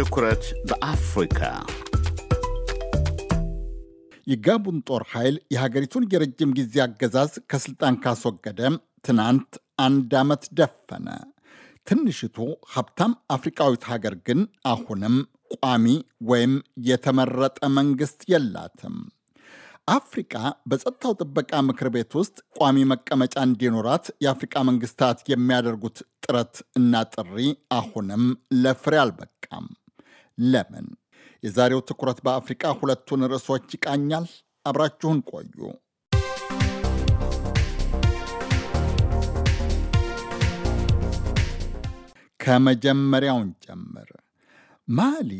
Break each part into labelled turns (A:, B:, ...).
A: ትኩረት በአፍሪካ የጋቡን ጦር ኃይል የሀገሪቱን የረጅም ጊዜ አገዛዝ ከስልጣን ካስወገደ ትናንት አንድ ዓመት ደፈነ። ትንሽቱ ሀብታም አፍሪካዊት ሀገር ግን አሁንም ቋሚ ወይም የተመረጠ መንግስት የላትም። አፍሪቃ በጸጥታው ጥበቃ ምክር ቤት ውስጥ ቋሚ መቀመጫ እንዲኖራት የአፍሪቃ መንግስታት የሚያደርጉት ጥረት እና ጥሪ አሁንም ለፍሬ አልበቃም። ለምን? የዛሬው ትኩረት በአፍሪቃ ሁለቱን ርዕሶች ይቃኛል። አብራችሁን ቆዩ። ከመጀመሪያውን ጀምር። ማሊ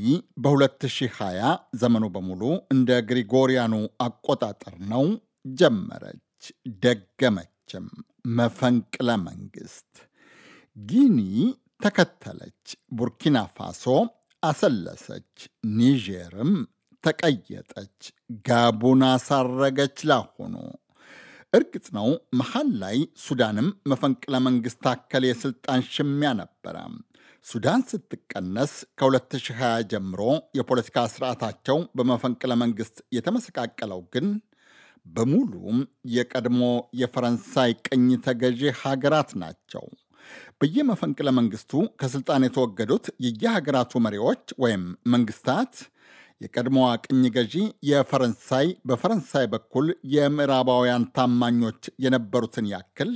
A: በ2020 ዘመኑ በሙሉ እንደ ግሪጎሪያኑ አቆጣጠር ነው ጀመረች፣ ደገመችም መፈንቅለ መንግስት። ጊኒ ተከተለች። ቡርኪና ፋሶ አሰለሰች፣ ኒጀርም ተቀየጠች፣ ጋቡን አሳረገች። ላሁኑ እርግጥ ነው መሀል ላይ ሱዳንም መፈንቅለ መንግስት አከል የሥልጣን ሽሚያ ነበረ። ሱዳን ስትቀነስ ከ2020 ጀምሮ የፖለቲካ ስርዓታቸው በመፈንቅለ መንግስት የተመሰቃቀለው ግን በሙሉም የቀድሞ የፈረንሳይ ቅኝ ተገዢ ሀገራት ናቸው። በየመፈንቅለ መንግስቱ ከስልጣን የተወገዱት የየሀገራቱ መሪዎች ወይም መንግስታት የቀድሞዋ ቅኝ ገዢ የፈረንሳይ በፈረንሳይ በኩል የምዕራባውያን ታማኞች የነበሩትን ያክል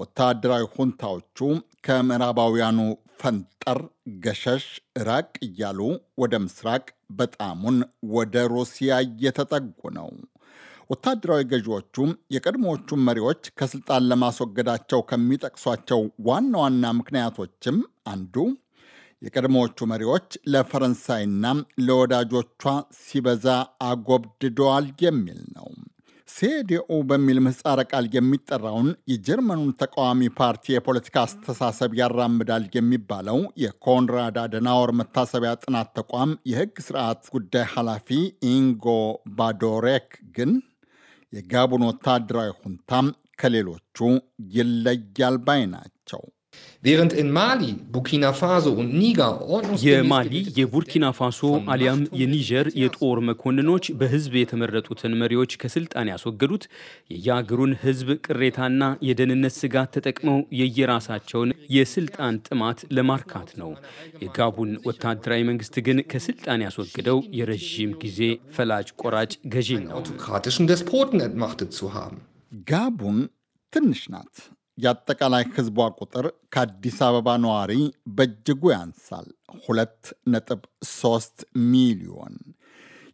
A: ወታደራዊ ሁንታዎቹ ከምዕራባውያኑ ፈንጠር ገሸሽ ራቅ እያሉ ወደ ምስራቅ በጣሙን ወደ ሩሲያ እየተጠጉ ነው። ወታደራዊ ገዢዎቹ የቀድሞዎቹም መሪዎች ከስልጣን ለማስወገዳቸው ከሚጠቅሷቸው ዋና ዋና ምክንያቶችም አንዱ የቀድሞዎቹ መሪዎች ለፈረንሳይና ለወዳጆቿ ሲበዛ አጎብድደዋል የሚል ነው። ሴዲኡ በሚል ምህጻረ ቃል የሚጠራውን የጀርመኑን ተቃዋሚ ፓርቲ የፖለቲካ አስተሳሰብ ያራምዳል የሚባለው የኮንራድ አደናወር መታሰቢያ ጥናት ተቋም የሕግ ስርዓት ጉዳይ ኃላፊ ኢንጎ ባዶሬክ ግን የጋቡን ወታደራዊ ሁንታም ከሌሎቹ ይለያል ባይ ናቸው። Während in Mali, Burkina Faso und Niger የማሊ
B: የቡርኪና ፋሶ አሊያም የኒጀር የጦር መኮንኖች በህዝብ የተመረጡትን መሪዎች ከስልጣን ያስወገዱት የየአገሩን ህዝብ ቅሬታና የደህንነት ስጋት ተጠቅመው የየራሳቸውን የስልጣን ጥማት ለማርካት ነው። የጋቡን ወታደራዊ መንግስት ግን ከስልጣን ያስወግደው የረዥም ጊዜ ፈላጭ ቆራጭ ገዢ ነው።
A: ጋቡን ትንሽ ናት። የአጠቃላይ ህዝቧ ቁጥር ከአዲስ አበባ ነዋሪ በእጅጉ ያንሳል፣ 2.3 ሚሊዮን።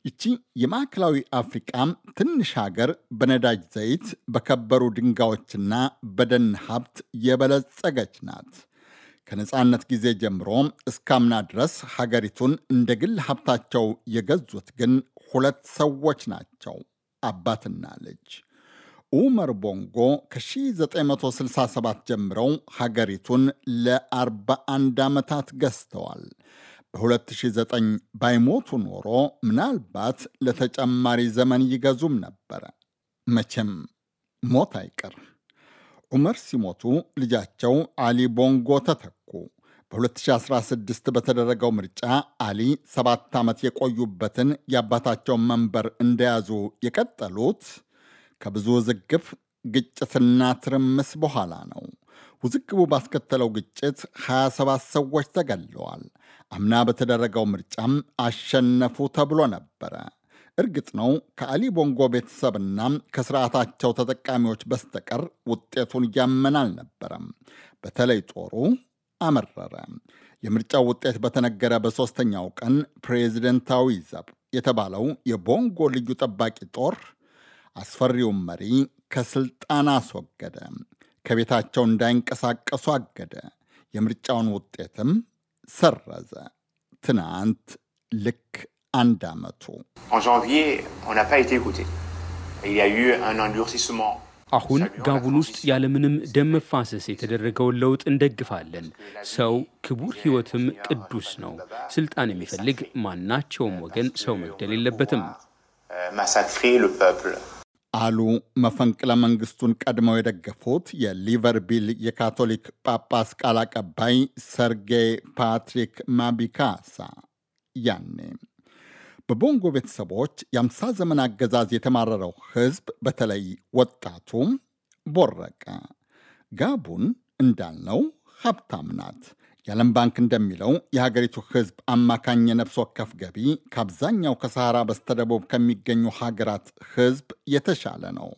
A: ይቺ የማዕከላዊ አፍሪቃ ትንሽ ሀገር በነዳጅ ዘይት፣ በከበሩ ድንጋዮችና በደን ሀብት የበለጸገች ናት። ከነፃነት ጊዜ ጀምሮ እስካምና ድረስ ሀገሪቱን እንደ ግል ሀብታቸው የገዙት ግን ሁለት ሰዎች ናቸው፣ አባትና ልጅ። ኡመር ቦንጎ ከ1967 ጀምረው ሀገሪቱን ለ41 ዓመታት ገዝተዋል። በ2009 ባይሞቱ ኖሮ ምናልባት ለተጨማሪ ዘመን ይገዙም ነበረ። መቼም ሞት አይቀር። ዑመር ሲሞቱ ልጃቸው አሊ ቦንጎ ተተኩ። በ2016 በተደረገው ምርጫ አሊ ሰባት ዓመት የቆዩበትን የአባታቸውን መንበር እንደያዙ የቀጠሉት ከብዙ ውዝግብ ግጭትና ትርምስ በኋላ ነው። ውዝግቡ ባስከተለው ግጭት 27 ሰዎች ተገለዋል። አምና በተደረገው ምርጫም አሸነፉ ተብሎ ነበረ። እርግጥ ነው ከአሊ ቦንጎ ቤተሰብና ከስርዓታቸው ተጠቃሚዎች በስተቀር ውጤቱን እያመን አልነበረም። በተለይ ጦሩ አመረረ። የምርጫው ውጤት በተነገረ በሦስተኛው ቀን ፕሬዚደንታዊ ዘብ የተባለው የቦንጎ ልዩ ጠባቂ ጦር አስፈሪውም መሪ ከስልጣን አስወገደ። ከቤታቸው እንዳይንቀሳቀሱ አገደ። የምርጫውን ውጤትም ሰረዘ። ትናንት ልክ አንድ ዓመቱ
B: አሁን ጋቡን ውስጥ ያለምንም ደም መፋሰስ የተደረገውን ለውጥ እንደግፋለን። ሰው ክቡር ሕይወትም ቅዱስ ነው። ስልጣን የሚፈልግ ማናቸውም ወገን ሰው መግደል የለበትም። euh,
A: አሉ መፈንቅለ መንግስቱን ቀድመው የደገፉት የሊቨርቢል የካቶሊክ ጳጳስ ቃል አቀባይ ሰርጌይ ፓትሪክ ማቢካሳ ያኔ። በቦንጎ ቤተሰቦች የአምሳ ዘመን አገዛዝ የተማረረው ህዝብ በተለይ ወጣቱ ቦረቀ። ጋቡን እንዳልነው ሀብታም ናት። የዓለም ባንክ እንደሚለው የሀገሪቱ ሕዝብ አማካኝ የነፍስ ወከፍ ገቢ ከአብዛኛው ከሰሃራ በስተደቡብ ከሚገኙ ሀገራት ሕዝብ የተሻለ ነው፣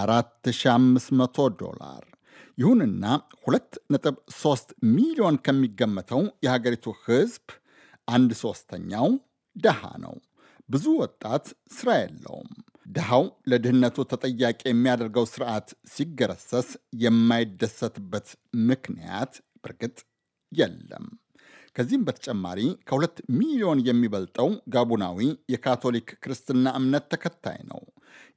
A: 4500 ዶላር። ይሁንና 2.3 ሚሊዮን ከሚገመተው የሀገሪቱ ሕዝብ አንድ ሶስተኛው ደሃ ነው። ብዙ ወጣት ስራ የለውም። ድሃው ለድህነቱ ተጠያቂ የሚያደርገው ስርዓት ሲገረሰስ የማይደሰትበት ምክንያት በርግጥ የለም። ከዚህም በተጨማሪ ከሁለት ሚሊዮን የሚበልጠው ጋቡናዊ የካቶሊክ ክርስትና እምነት ተከታይ ነው።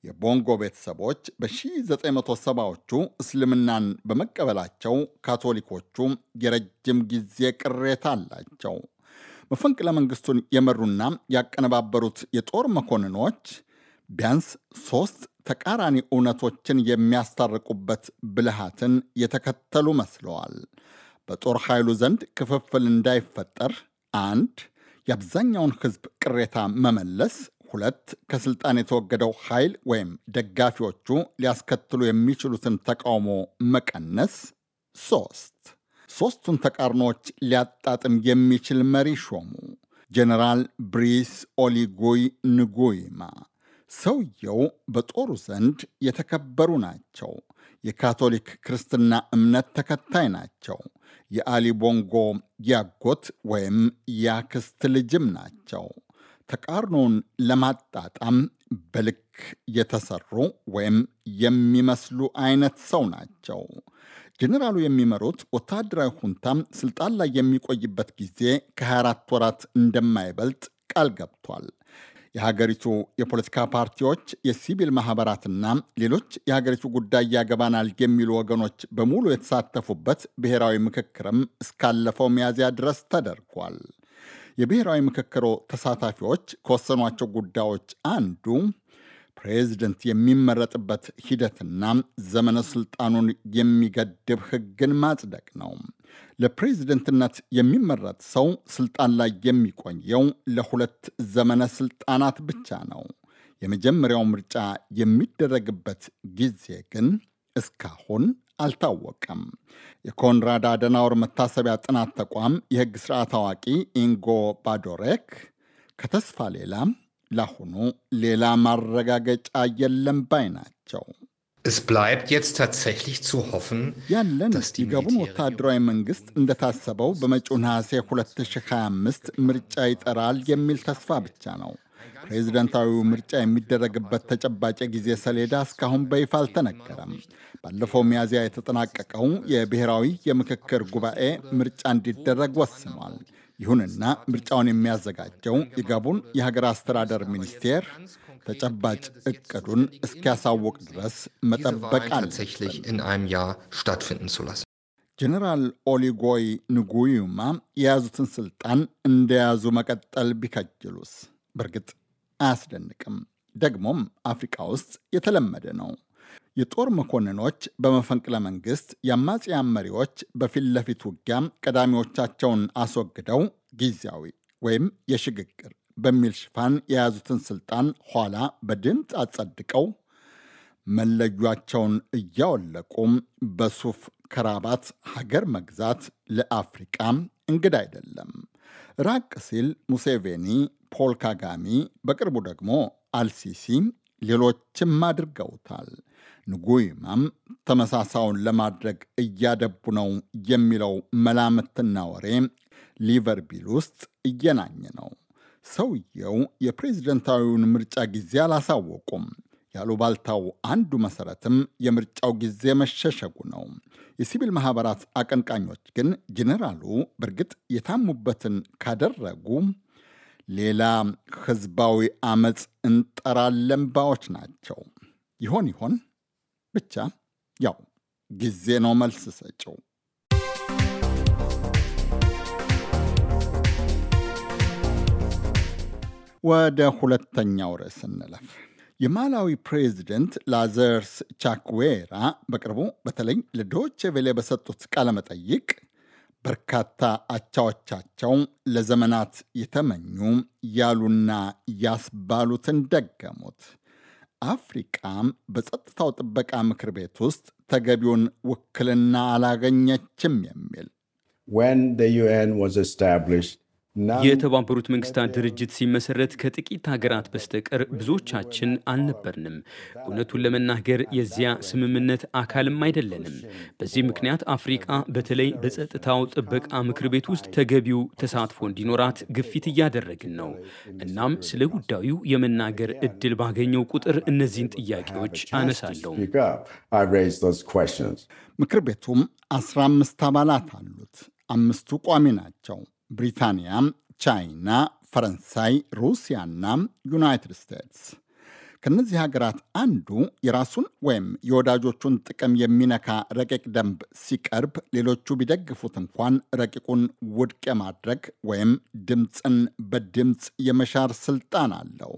A: የቦንጎ ቤተሰቦች በ1970ዎቹ እስልምናን በመቀበላቸው ካቶሊኮቹ የረጅም ጊዜ ቅሬታ አላቸው። መፈንቅለ መንግስቱን የመሩና ያቀነባበሩት የጦር መኮንኖች ቢያንስ ሶስት ተቃራኒ እውነቶችን የሚያስታርቁበት ብልሃትን የተከተሉ መስለዋል። በጦር ኃይሉ ዘንድ ክፍፍል እንዳይፈጠር፣ አንድ የአብዛኛውን ህዝብ ቅሬታ መመለስ፣ ሁለት ከስልጣን የተወገደው ኃይል ወይም ደጋፊዎቹ ሊያስከትሉ የሚችሉትን ተቃውሞ መቀነስ፣ ሶስት ሦስቱን ተቃርኖዎች ሊያጣጥም የሚችል መሪ ሾሙ። ጀነራል ብሪስ ኦሊጉይ ንጉይማ ሰውየው በጦሩ ዘንድ የተከበሩ ናቸው። የካቶሊክ ክርስትና እምነት ተከታይ ናቸው። የአሊ ቦንጎ ያጎት ወይም ያክስት ልጅም ናቸው። ተቃርኖውን ለማጣጣም በልክ የተሰሩ ወይም የሚመስሉ አይነት ሰው ናቸው። ጀኔራሉ የሚመሩት ወታደራዊ ሁንታም ስልጣን ላይ የሚቆይበት ጊዜ ከ24 ወራት እንደማይበልጥ ቃል ገብቷል። የሀገሪቱ የፖለቲካ ፓርቲዎች፣ የሲቪል ማህበራትና ሌሎች የሀገሪቱ ጉዳይ ያገባናል የሚሉ ወገኖች በሙሉ የተሳተፉበት ብሔራዊ ምክክርም እስካለፈው ሚያዝያ ድረስ ተደርጓል። የብሔራዊ ምክክሩ ተሳታፊዎች ከወሰኗቸው ጉዳዮች አንዱ ፕሬዚደንት የሚመረጥበት ሂደትና ዘመነ ስልጣኑን የሚገድብ ህግን ማጽደቅ ነው። ለፕሬዝደንትነት የሚመረጥ ሰው ስልጣን ላይ የሚቆየው ለሁለት ዘመነ ስልጣናት ብቻ ነው። የመጀመሪያው ምርጫ የሚደረግበት ጊዜ ግን እስካሁን አልታወቀም። የኮንራድ አደናወር መታሰቢያ ጥናት ተቋም የህግ ስርዓት አዋቂ ኢንጎ ባዶሬክ ከተስፋ ሌላ ለአሁኑ ሌላ ማረጋገጫ የለም ባይ ናቸው። ያለን የገቡን ወታደራዊ መንግስት እንደታሰበው በመጪው ነሐሴ 2025 ምርጫ ይጠራል የሚል ተስፋ ብቻ ነው። ፕሬዚደንታዊው ምርጫ የሚደረግበት ተጨባጭ ጊዜ ሰሌዳ እስካሁን በይፋ አልተነገረም። ባለፈው ሚያዝያ የተጠናቀቀው የብሔራዊ የምክክር ጉባኤ ምርጫ እንዲደረግ ወስኗል። ይሁንና ምርጫውን የሚያዘጋጀው የጋቡን የሀገር አስተዳደር ሚኒስቴር ተጨባጭ እቅዱን እስኪያሳውቅ ድረስ መጠበቅ አለ። ጀኔራል ኦሊጎይ ንጉዩማ የያዙትን ስልጣን እንደያዙ መቀጠል ቢከጅሉስ? በእርግጥ አያስደንቅም። ደግሞም አፍሪካ ውስጥ የተለመደ ነው። የጦር መኮንኖች በመፈንቅለ መንግስት፣ የአማጽያን መሪዎች በፊት ለፊት ውጊያም ቀዳሚዎቻቸውን አስወግደው ጊዜያዊ ወይም የሽግግር በሚል ሽፋን የያዙትን ስልጣን ኋላ በድምፅ አጸድቀው መለያቸውን እያወለቁም በሱፍ ከራባት ሀገር መግዛት ለአፍሪቃ እንግዳ አይደለም። ራቅ ሲል ሙሴቬኒ፣ ፖል ካጋሚ፣ በቅርቡ ደግሞ አልሲሲ ሌሎችም አድርገውታል። ንጉይማም ተመሳሳውን ለማድረግ እያደቡ ነው የሚለው መላምትና ወሬ ሊቨርቢል ውስጥ እየናኝ ነው። ሰውየው የፕሬዝደንታዊውን ምርጫ ጊዜ አላሳወቁም። ያሉባልታው አንዱ መሰረትም የምርጫው ጊዜ መሸሸጉ ነው። የሲቪል ማህበራት አቀንቃኞች ግን ጄኔራሉ በእርግጥ የታሙበትን ካደረጉ ሌላ ህዝባዊ አመፅ እንጠራለን ባዎች ናቸው። ይሆን ይሆን? ብቻ ያው ጊዜ ነው መልስ ሰጪው። ወደ ሁለተኛው ርዕስ እንለፍ። የማላዊ ፕሬዚደንት ላዘርስ ቻክዌራ በቅርቡ በተለይ ለዶች ቬሌ በሰጡት ቃለመጠይቅ በርካታ አቻዎቻቸው ለዘመናት የተመኙ ያሉና ያስባሉትን ደገሙት። አፍሪቃ በጸጥታው ጥበቃ ምክር ቤት ውስጥ ተገቢውን ውክልና አላገኘችም የሚል
B: የተባበሩት መንግስታት ድርጅት ሲመሰረት ከጥቂት ሀገራት በስተቀር ብዙዎቻችን አልነበርንም። እውነቱን ለመናገር የዚያ ስምምነት አካልም አይደለንም። በዚህ ምክንያት አፍሪቃ በተለይ በጸጥታው ጥበቃ ምክር ቤት ውስጥ ተገቢው ተሳትፎ እንዲኖራት ግፊት እያደረግን ነው። እናም ስለ ጉዳዩ የመናገር እድል ባገኘው ቁጥር እነዚህን ጥያቄዎች አነሳለሁ።
A: ምክር ቤቱም አስራ አምስት አባላት አሉት። አምስቱ ቋሚ ናቸው። ብሪታንያ፣ ቻይና፣ ፈረንሳይ፣ ሩሲያና ዩናይትድ ስቴትስ ከእነዚህ ሀገራት አንዱ የራሱን ወይም የወዳጆቹን ጥቅም የሚነካ ረቂቅ ደንብ ሲቀርብ ሌሎቹ ቢደግፉት እንኳን ረቂቁን ውድቅ የማድረግ ወይም ድምፅን በድምፅ የመሻር ስልጣን አለው።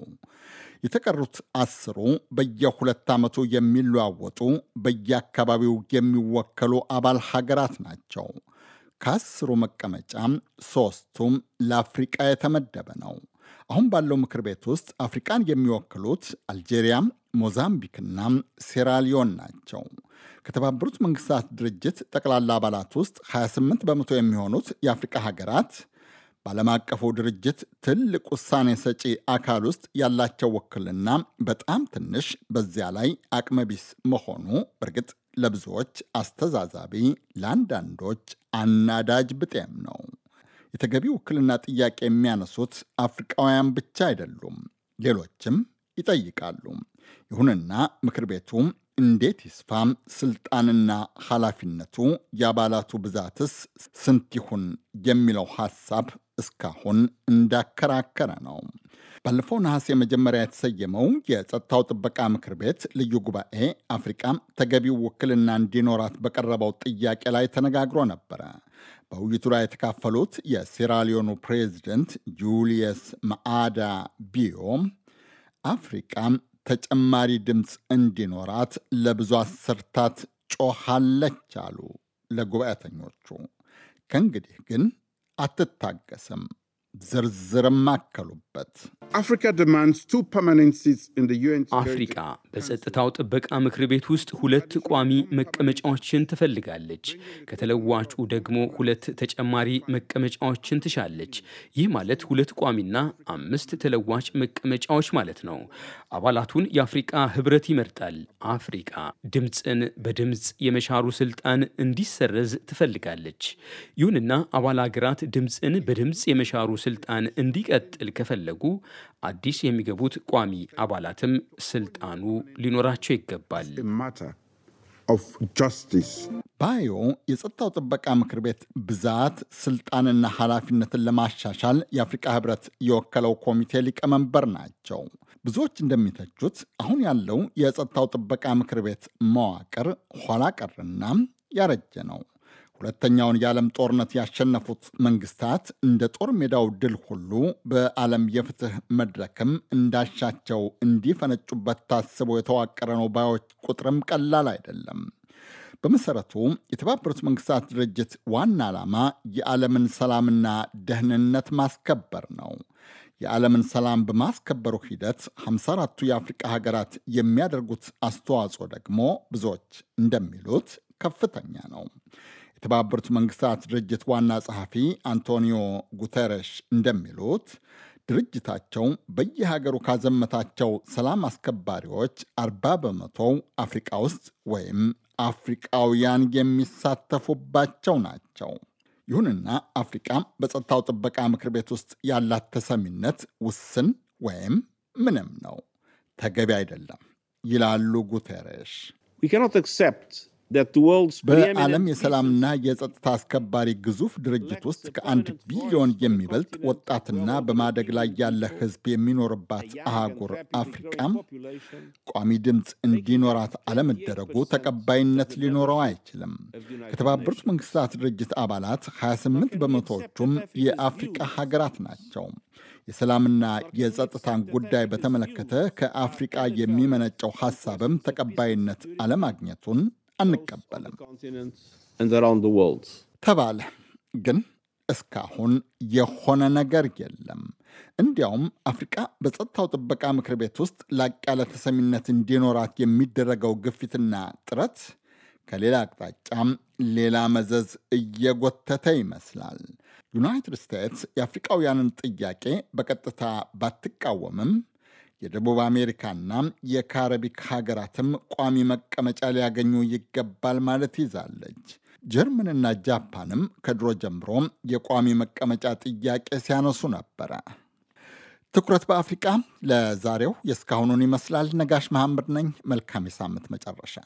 A: የተቀሩት አስሩ በየሁለት ዓመቱ የሚለዋወጡ በየአካባቢው የሚወከሉ አባል ሀገራት ናቸው። ከአስሩ መቀመጫ ሶስቱም ለአፍሪቃ የተመደበ ነው። አሁን ባለው ምክር ቤት ውስጥ አፍሪቃን የሚወክሉት አልጄሪያ፣ ሞዛምቢክና ሴራሊዮን ናቸው። ከተባበሩት መንግስታት ድርጅት ጠቅላላ አባላት ውስጥ 28 በመቶ የሚሆኑት የአፍሪቃ ሀገራት በዓለም አቀፉ ድርጅት ትልቅ ውሳኔ ሰጪ አካል ውስጥ ያላቸው ውክልና በጣም ትንሽ፣ በዚያ ላይ አቅመቢስ መሆኑ በእርግጥ ለብዙዎች አስተዛዛቢ፣ ለአንዳንዶች አናዳጅ ብጤም ነው። የተገቢ ውክልና ጥያቄ የሚያነሱት አፍሪቃውያን ብቻ አይደሉም፣ ሌሎችም ይጠይቃሉ። ይሁንና ምክር ቤቱ እንዴት ይስፋም? ስልጣንና ኃላፊነቱ የአባላቱ ብዛትስ ስንት ይሁን የሚለው ሐሳብ እስካሁን እንዳከራከረ ነው። ባለፈው ነሐሴ መጀመሪያ የተሰየመው የጸጥታው ጥበቃ ምክር ቤት ልዩ ጉባኤ አፍሪቃም ተገቢው ውክልና እንዲኖራት በቀረበው ጥያቄ ላይ ተነጋግሮ ነበረ። በውይይቱ ላይ የተካፈሉት የሴራሊዮኑ ፕሬዚደንት ጁልየስ ማአዳ ቢዮ አፍሪቃም ተጨማሪ ድምፅ እንዲኖራት ለብዙ አስርታት ጮሃለች አሉ። ለጉባኤተኞቹ ከእንግዲህ ግን አትታገስም ዝርዝርም አከሉበት። አፍሪቃ
B: በጸጥታው ጥበቃ ምክር ቤት ውስጥ ሁለት ቋሚ መቀመጫዎችን ትፈልጋለች። ከተለዋጩ ደግሞ ሁለት ተጨማሪ መቀመጫዎችን ትሻለች። ይህ ማለት ሁለት ቋሚና አምስት ተለዋጭ መቀመጫዎች ማለት ነው። አባላቱን የአፍሪቃ ህብረት ይመርጣል። አፍሪቃ ድምፅን በድምፅ የመሻሩ ስልጣን እንዲሰረዝ ትፈልጋለች። ይሁንና አባል ሀገራት ድምፅን በድምፅ የመሻሩ ስልጣን እንዲቀጥል ከፈለጉ አዲስ የሚገቡት ቋሚ አባላትም ስልጣኑ ሊኖራቸው ይገባል።
A: ባዮ የጸጥታው ጥበቃ ምክር ቤት ብዛት ስልጣንና ኃላፊነትን ለማሻሻል የአፍሪቃ ህብረት የወከለው ኮሚቴ ሊቀመንበር ናቸው። ብዙዎች እንደሚተቹት አሁን ያለው የጸጥታው ጥበቃ ምክር ቤት መዋቅር ኋላ ቀርና ያረጀ ነው። ሁለተኛውን የዓለም ጦርነት ያሸነፉት መንግስታት እንደ ጦር ሜዳው ድል ሁሉ በዓለም የፍትህ መድረክም እንዳሻቸው እንዲፈነጩበት ታስቦ የተዋቀረ ነው ባዮች ቁጥርም ቀላል አይደለም። በመሰረቱ የተባበሩት መንግስታት ድርጅት ዋና ዓላማ የዓለምን ሰላምና ደህንነት ማስከበር ነው። የዓለምን ሰላም በማስከበሩ ሂደት 54ቱ የአፍሪቃ ሀገራት የሚያደርጉት አስተዋጽኦ ደግሞ ብዙዎች እንደሚሉት ከፍተኛ ነው። የተባበሩት መንግስታት ድርጅት ዋና ጸሐፊ አንቶኒዮ ጉተረሽ እንደሚሉት ድርጅታቸው በየሀገሩ ካዘመታቸው ሰላም አስከባሪዎች 40 በመቶው አፍሪቃ ውስጥ ወይም አፍሪቃውያን የሚሳተፉባቸው ናቸው። ይሁንና አፍሪቃ በጸጥታው ጥበቃ ምክር ቤት ውስጥ ያላት ተሰሚነት ውስን ወይም ምንም ነው፣ ተገቢ አይደለም ይላሉ ጉተሬሽ። በዓለም የሰላምና የጸጥታ አስከባሪ ግዙፍ ድርጅት ውስጥ ከአንድ ቢሊዮን የሚበልጥ ወጣትና በማደግ ላይ ያለ ሕዝብ የሚኖርባት አህጉር አፍሪቃም ቋሚ ድምፅ እንዲኖራት አለመደረጉ ተቀባይነት ሊኖረው አይችልም። ከተባበሩት መንግስታት ድርጅት አባላት 28 በመቶዎቹም የአፍሪቃ ሀገራት ናቸው። የሰላምና የጸጥታን ጉዳይ በተመለከተ ከአፍሪቃ የሚመነጨው ሀሳብም ተቀባይነት አለማግኘቱን አንቀበልም ተባለ። ግን እስካሁን የሆነ ነገር የለም። እንዲያውም አፍሪቃ በጸጥታው ጥበቃ ምክር ቤት ውስጥ ላቅ ያለ ተሰሚነት እንዲኖራት የሚደረገው ግፊትና ጥረት ከሌላ አቅጣጫም ሌላ መዘዝ እየጎተተ ይመስላል። ዩናይትድ ስቴትስ የአፍሪቃውያንን ጥያቄ በቀጥታ ባትቃወምም የደቡብ አሜሪካና የካረቢክ ሀገራትም ቋሚ መቀመጫ ሊያገኙ ይገባል ማለት ይዛለች። ጀርመንና ጃፓንም ከድሮ ጀምሮ የቋሚ መቀመጫ ጥያቄ ሲያነሱ ነበረ። ትኩረት በአፍሪቃ ለዛሬው የእስካሁኑን ይመስላል። ነጋሽ መሐመድ ነኝ። መልካም የሳምንት መጨረሻ